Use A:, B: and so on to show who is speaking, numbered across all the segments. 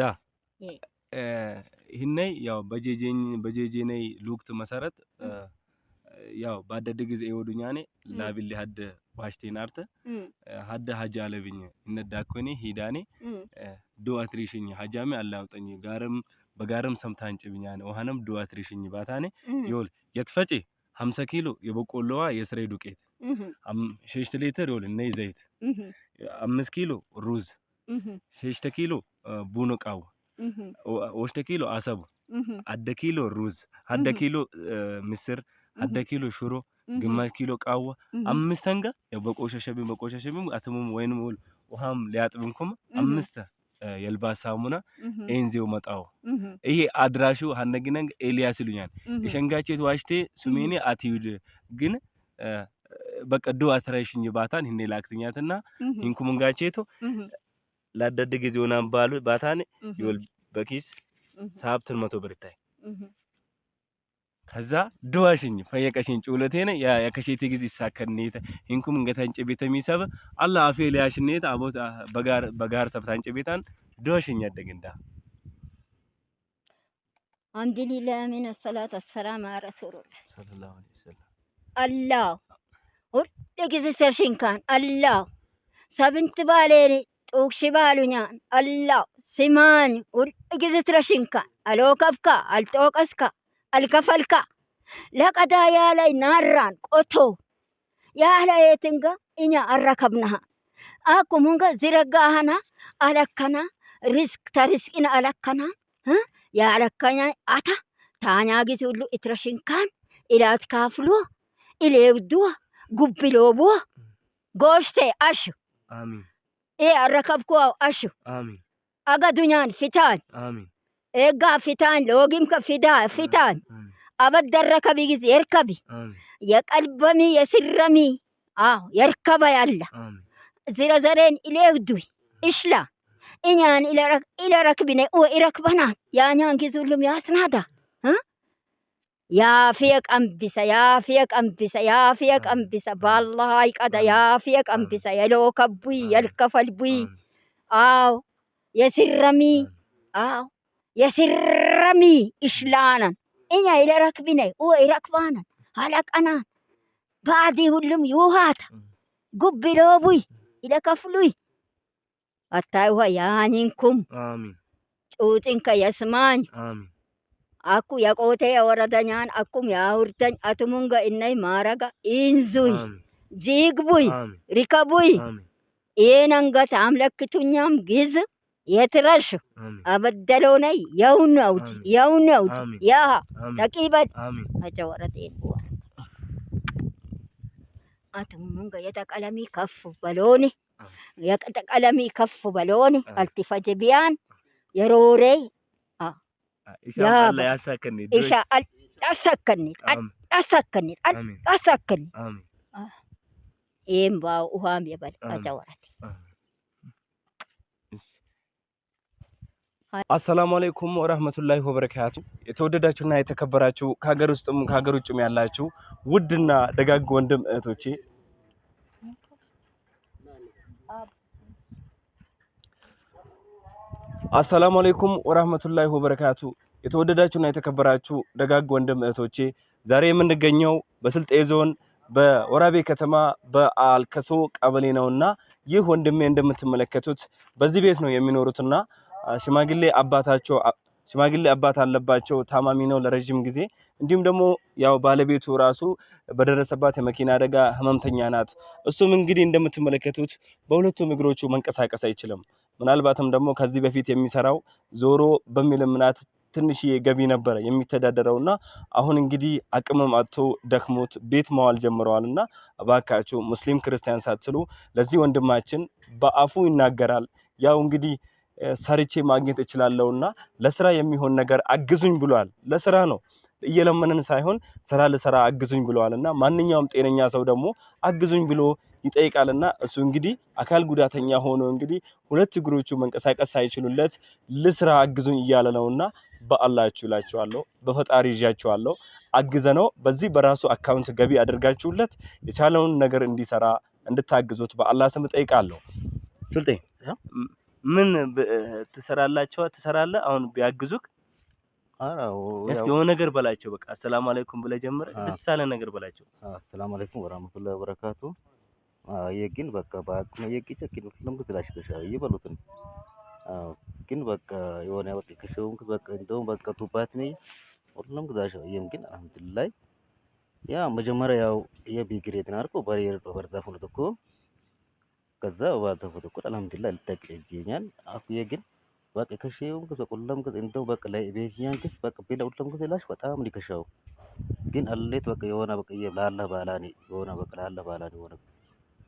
A: ዳ ይህነይ ያው በጄጄኝ በጄጄነይ ሉክት መሰረት ያው ባደደ ጊዜ ኔ ላቢል ሀደ ዋሽቴን አርተ ሀደ ሀጃ አለብኝ እነዳኮኔ ሂዳኔ ዱአትሪሽኝ ሀጃሜ አላውጠኝ ጋርም በጋርም ሰምታን ጭብኛኔ ውሃንም ዱአትሪሽኝ ባታኔ ይውል የትፈጪ 50 ኪሎ የበቆሎዋ የስሬ ዱቄት ሸሽት ሊትር ይውል እነይ ዘይት አምስት ኪሎ ሩዝ ሸሽተ ኪሎ ቡኖ ቃው ወሽተ ኪሎ አሰቡ አደ ኪሎ ሩዝ አደ ኪሎ ምስር አደ ኪሎ ሽሮ ግማሽ ኪሎ ቃዋ አምስተንጋ አንጋ ያው በቆሸሸብኝ በቆሸሸብኝ አተሙም ወይንም ውሃም ሊያጥብንኩም አምስተ የልባ ሳሙና ኤንዜው መጣው ይሄ አድራሹ ሀነግነንግ ኤልያስ ይሉኛል። የሸንጋቼት ዋሽቴ ሱሜኔ አትዩድ ግን በቀዱ አስራይሽኝ ባታን ህኔ ላክትኛትና ሂንኩምንጋቼቶ ለአዳድ ጊዜ ሆናን ባሉ ባታን ይወል በኪስ ሳብትን መቶ ብር ታይ ከዛ ድዋሽኝ ፈየቀሽኝ ጩለቴ ነ ያ ያከሼቲ ጊዜ ሳከኔተ እንኩም እንገታን ጨቤተ ሚሰበ አላ አፌ ሊያሽኔት አቦት በጋር በጋር ሰብታን ጨቤታን ድዋሽኝ ያደግንዳ
B: አምድ ሊላ ምን ሰላት ሰላም አረሱሉላህ
A: ሰለላሁ ዐለይሂ ወሰለም
B: አላህ ሁሉ ጊዜ ሰርሽንካን አላህ ሰብንት ባሌኔ ጡቅሽ ባሉኛን አላው ስማኝ ሁል ጊዜ ትረሽንካ አልወከብካ አልጦቀስካ አልከፈልካ ለቀዳ ያላይ ናራን ቆቶ ያህላየትንጋ እኛ አረከብናሃ አኩሙንጋ ዝረጋሃና አለከና ሪስክ ተሪስቅን አለከና ያለከኛ አታ ታኛ ጊዜ ሁሉ እትረሽንካን ኢላት ካፍሎ ኢሌብዱዋ ጉብሎቡዋ ጎሽቴ አሽ አሚን إيه الركبكو أشو آمين أغا دنيان فتان آمين إيقا فتان لوغمك فدا فتان آمين أبد الركب يجز يركبي آمين يقلبمي يسرمي آه يركب يا الله آمين زر زرين إليه دوي إشلا إنيان إلى رك... إلى ركبنا أو إركبنا يعني أنكي زلم يا سنادا ها أم بس يا فيك أم بس بالله آه، آه، أم بس يا لو كبوي الكفل بوي آو آه، سرمي آو سرمي إشلانا إنا إلى ركبنا هو إركبانا هلك أنا بعدي هلم يوهات قبي لوبوي إلى كفلوي أتاوها يانينكم آمين صوتك يسمعني آمين አኩ የቆቴ የወረደኛን አኩም ያውርደኝ አትሙንገ እነይ ማረጋ ኢንዙይ ጂግቡይ ሪከቡይ ኢነንገት አምለክቱኛም ጊዝ የትረሽ አበደሎነ የውን አውድ የውን አውድ ያሀ ተቂበድ አጨወረቴ አትሙንገ የተቀለሚ ከፍ በሎኒ የተቀለሚ ከፍ በሎኒ አልቲፈጅ ቢያን የሮሬይ
A: ኢንሻአላህ ያሳከኒ
B: ኢንሻአላህ አሳከኒ አሳከኒ አሳከኒ ይህም ውሃም የበል አጫወራት
A: አሰላሙ አለይኩም ወራህመቱላሂ ወበረካቱ። የተወደዳችሁና የተከበራችሁ ከሀገር ውስጥም ከሀገር ውጭም ያላችሁ ውድና ደጋግ ወንድም እህቶቼ አሰላሙ አለይኩም ወራህመቱላሂ ወበረካቱ። የተወደዳችሁና የተከበራችሁ ደጋግ ወንድም እህቶቼ ዛሬ የምንገኘው በስልጤ ዞን በወራቤ ከተማ በአልከሶ ቀበሌ ነውና ይህ ወንድሜ እንደምትመለከቱት በዚህ ቤት ነው የሚኖሩትና ሽማግሌ አባታቸው ሽማግሌ አባት አለባቸው። ታማሚ ነው ለረዥም ጊዜ። እንዲሁም ደግሞ ያው ባለቤቱ ራሱ በደረሰባት የመኪና አደጋ ህመምተኛ ናት። እሱም እንግዲህ እንደምትመለከቱት በሁለቱም እግሮቹ መንቀሳቀስ አይችልም። ምናልባትም ደግሞ ከዚህ በፊት የሚሰራው ዞሮ በሚል ምናት ትንሽዬ ገቢ ነበረ የሚተዳደረው እና አሁን እንግዲህ አቅምም አጥቶ ደክሞት ቤት መዋል ጀምረዋል። እና እባካችሁ ሙስሊም ክርስቲያን ሳትሉ ለዚህ ወንድማችን በአፉ ይናገራል። ያው እንግዲህ ሰርቼ ማግኘት እና ለስራ የሚሆን ነገር አግዙኝ ብሏል። ለስራ ነው እየለመንን ሳይሆን ስራ ልሰራ አግዙኝ ብለዋል እና ማንኛውም ጤነኛ ሰው ደግሞ አግዙኝ ብሎ ይጠይቃልና እሱ እንግዲህ አካል ጉዳተኛ ሆኖ እንግዲህ ሁለት እግሮቹ መንቀሳቀስ ሳይችሉለት ልስራ አግዙኝ እያለ ነውና በአላችሁ እላችኋለሁ፣ በፈጣሪ ይዣችኋለሁ። አግዘ ነው በዚህ በራሱ አካውንት ገቢ አድርጋችሁለት የቻለውን ነገር እንዲሰራ እንድታግዙት በአላህ ስም እጠይቃለሁ። ስልጤ ምን ትሰራላቸው ትሰራለ አሁን ቢያግዙክ እስኪ የሆነ ነገር በላቸው። በቃ አሰላሙ አለይኩም ብለህ ጀምረህ ደስ ያለ ነገር በላቸው። አሰላሙ አለይኩም ወራህመቱላሂ ወበረካቱ ግን በቃ በአቅሙ የቂጨቂን ነው እየበሉት ነው ግን በቃ የሆነ በቃ ከሸውም በቃ እንደውም በቃ ቱባት ነኝ ሁሉም ግዛሽ ይም ግን አልሐምዱሊላህ ያ መጀመሪያ ያው የቢግሬት ናርኮ በሬር በርዛፉ ነው ተኮ ከዛ ባልተፈ ተኮ አልሐምዱሊላህ ልታቅ ይገኛል አፍ የግን በቃ ከሸውም ከዛ ሁሉም ግዝ እንደው በቃ ላይ ቤዚያን ግዝ በቃ ቢላ ሁሉም ግዝ ላሽ በጣም ሊከሻው ግን አለት በቃ የሆነ በቃ የላላ ባላኒ የሆነ በቃ ላላ ባላኒ ሆነ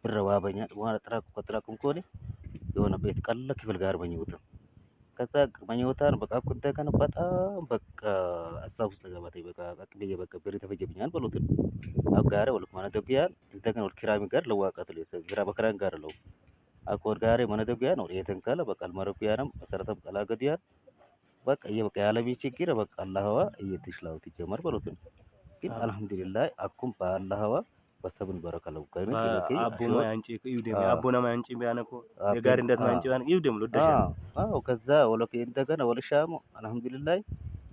A: ብረባበኛ በኋላ ጥራቁ ከጥራቁም ከሆነ የሆነ ቤት ቀለ ክፍል ጋር መኝታ ከዛ መኝታን በቃ ኩንተ ከነ በጣም በቃ ሀሳብ ውስጥ ገባት። በቃ አቅቤየ በቃ ብር ተፈጀብኛል በሉት አብ ጋር ማለት ደግያን እንደገና ወል ኪራሚ ጋር ለዋቀት ለሰ ግራ በከራን ጋር ለው አኮር ጋር ማለት ደግያን ወል ካለ በቃ አልመረኩ መሰረተም ቀላገዲያ በቃ የበቃ ያለሚ ችግር በቃ አላህዋ እየትሽላው ትጀመር በሉት ግን አልሐምዱሊላህ አኩም በአላህዋ በሰብን በረከለው ಬಸ್ಸಬನ್ ಬರೋಕಲ್ಲ አቦና ያንጭ ይውደም አቦና ማንጭ ቢያነኮ እንደት ማንጭ ባን ይውደም ለደሽ አው ከዛ ወለከ እንደገና ወለሻሙ አልহামዱሊላህ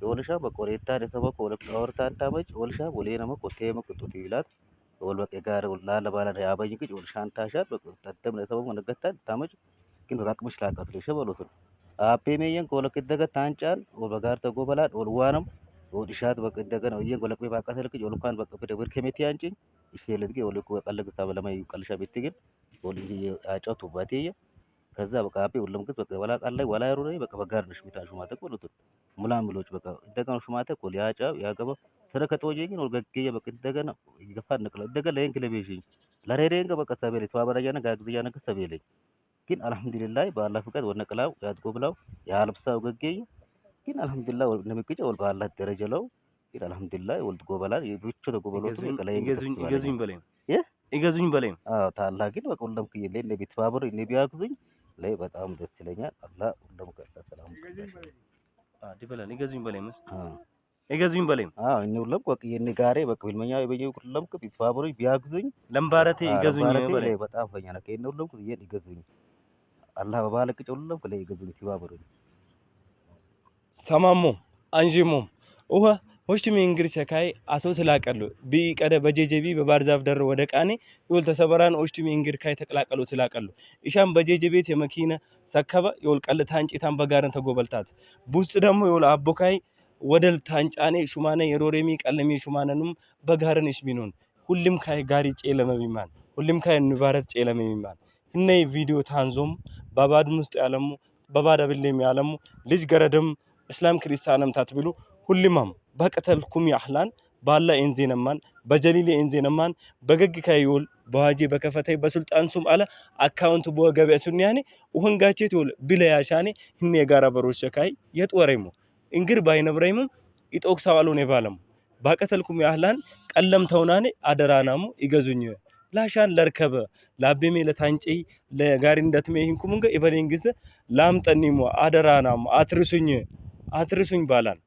A: የወለሻ በቆሬታ ደሰበ ወለከ ወርታ አንታመጭ ወለሻ ወለና መቆቴ መቅጡት ይላት ወልበቀ ጋር ወላ ባላ ያባይ ግጭ ወለሻን ታሻ በቆጣተም ለሰበኮ ነገታ ታመጭ ግን በቃቅምሽ ላቃት ለሸበሎት አፔሜየን ኮለከ ደገ ታንጫል ወበጋር ተጎበላል ወልዋንም ಓಡಿಶಾದ ಬಕ್ ಇದ್ದಾಗ ನಾವು ಈಗ በቃ ಬೇ ಬಾಕಾಸಲಕ್ಕೆ በቃ ፈደብር ከመቲ አንቺ እሺ ತಿ ಅಂಚಿ ಇಫೆಲದ್ಗೆ ಒಲಕ್ ለማይ ቀልሻ ቤት ግን ቤትግን አጫቱ ባቴየ ከዛ በቃ አፔ ሁሉም ግን በቃ ወላ ቃል ላይ ወላ ያሩ በቃ በጋር ነሽ ሚታ ሹማተ ቆሉት ሙላም ብሎች በቃ እንደገና ሹማተ ቆል ያጫ ያገበ ሰረከ ተወጀ ግን ወልገገየ በቃ እንደገና ይገፋ ነቅለ እንደገና ለይን ክለቤሽኝ ለሬሬን በቃ ሰበለ ተባበራያ ነገ አግዝያ ነገ ሰበለ ግን አልሐምዱሊላህ ባላ ፍቃድ ወነቀላው ያድጎ ብላው ያልብሳው ገገየ ግን አልহামዱሊላህ እንደሚቆጨ ወል በአላህ ደረጃ ለው ግን አልহামዱሊላህ ወልድ ጎበላል የብቹ ተጎበሎቱ ይገዙኝ ይገዙኝ በለኝ ታላ ግን በቃ ሁሉም ከየለ ለቢ ተባብር ለቢያግዙኝ ላይ በጣም ደስ ይለኛል አላህ ሁሉም ከላ ሰላም ዲበላን ይገዙኝ በለኝ ምስ ይገዙኝ በለኝ አዎ እኔ ሁሉም ቆቅ የኔ ጋሬ በቃ ቢልመኛ ይበየው ሁሉም ከ ቢተባብሩኝ ቢያግዙኝ ለምባረቴ ይገዙኝ በለኝ በጣም ፈኛና ከየነ ሁሉም ከየለ ይገዙኝ አላህ በባለቅ ሁሉም ከላይ ይገዙኝ ይተባብሩኝ Samaammoo an Anjimoom uha hoshti mingirsa kai aso ስላቀሉ ቢ ቀደ በጄጄቢ በባህር ደር ወደ ቃኔ ይወል ተሰበራን ኦሽቲ ሚንግር ካይ ተቀላቀሉ ስላቀሉ ኢሻን በጀጀቤት የመኪነ ሰከበ ይወል ቀል ታንጭታን በጋርን ተጎበልታት ቡስጥ ደግሞ ይወል አቦካይ ወደል ታንጫኔ ሹማነ የሮሬሚ ቀለሚ ሹማነንም በጋርን ይሽሚኑን ሁልም ካይ ጋሪ ቢማን ሁልም ካይ ንባረት ቢማን እነይ ቪዲዮ ታንዞም በባድም ውስጥ ያለሙ በባዳ ብሌም ያለሙ ልጅ ገረድም እስላም ክርስቲያንም ታትብሉ ሁሊማም በቅተልኩም ያህላን ባላ ኤንዜነማን በጀሊል ኤንዜነማን በገግ ከይውል በዋጂ በከፈተይ በሱልጣን ሱም አለ አካውንት በወገበ ሱኒያኔ ወንጋቼት ይውል ቢለያሻኔ እኔ የጋራ በሮች ሸካይ የጥወረይሙ እንግር ባይነብረይሙ ይጦክ ሰዋሉ ባቀተልኩም ያህላን ቀለም ተውናኔ አደራናሙ ይገዙኝ ላሻን ለርከበ ላቤሜ ለታንጨ ለጋሪ እንደትሜ ይንኩም እንገ ይበሌን ግዘ ላምጠኒሙ አደራናሙ አትርሱኝ አትርሱኝ ባላል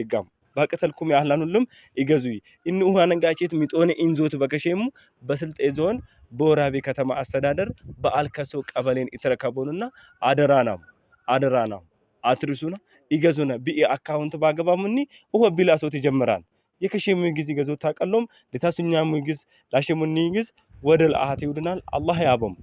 A: ይጋም ባቀተልኩም ያህላን ሁሉም ይገዙይ እን ውሃነን ጋቼት ሚጦኔ ኢንዞት በከሼሙ በስልጤ ዞን በወራቤ ከተማ አስተዳደር በአልከሶ ቀበሌን ኢተረከቦንና አደራናም አደራናም አትርሱና ይገዙና ቢ አካውንት ባገባሙኒ ውሆ ቢላሶት ይጀምራል የከሼሙ ጊዜ ገዞት ታቀሎም ለታስኛሙ ጊዝ ላሸሙኒ ጊዝ ወደ ለአሃት ይውድናል አላህ ያበም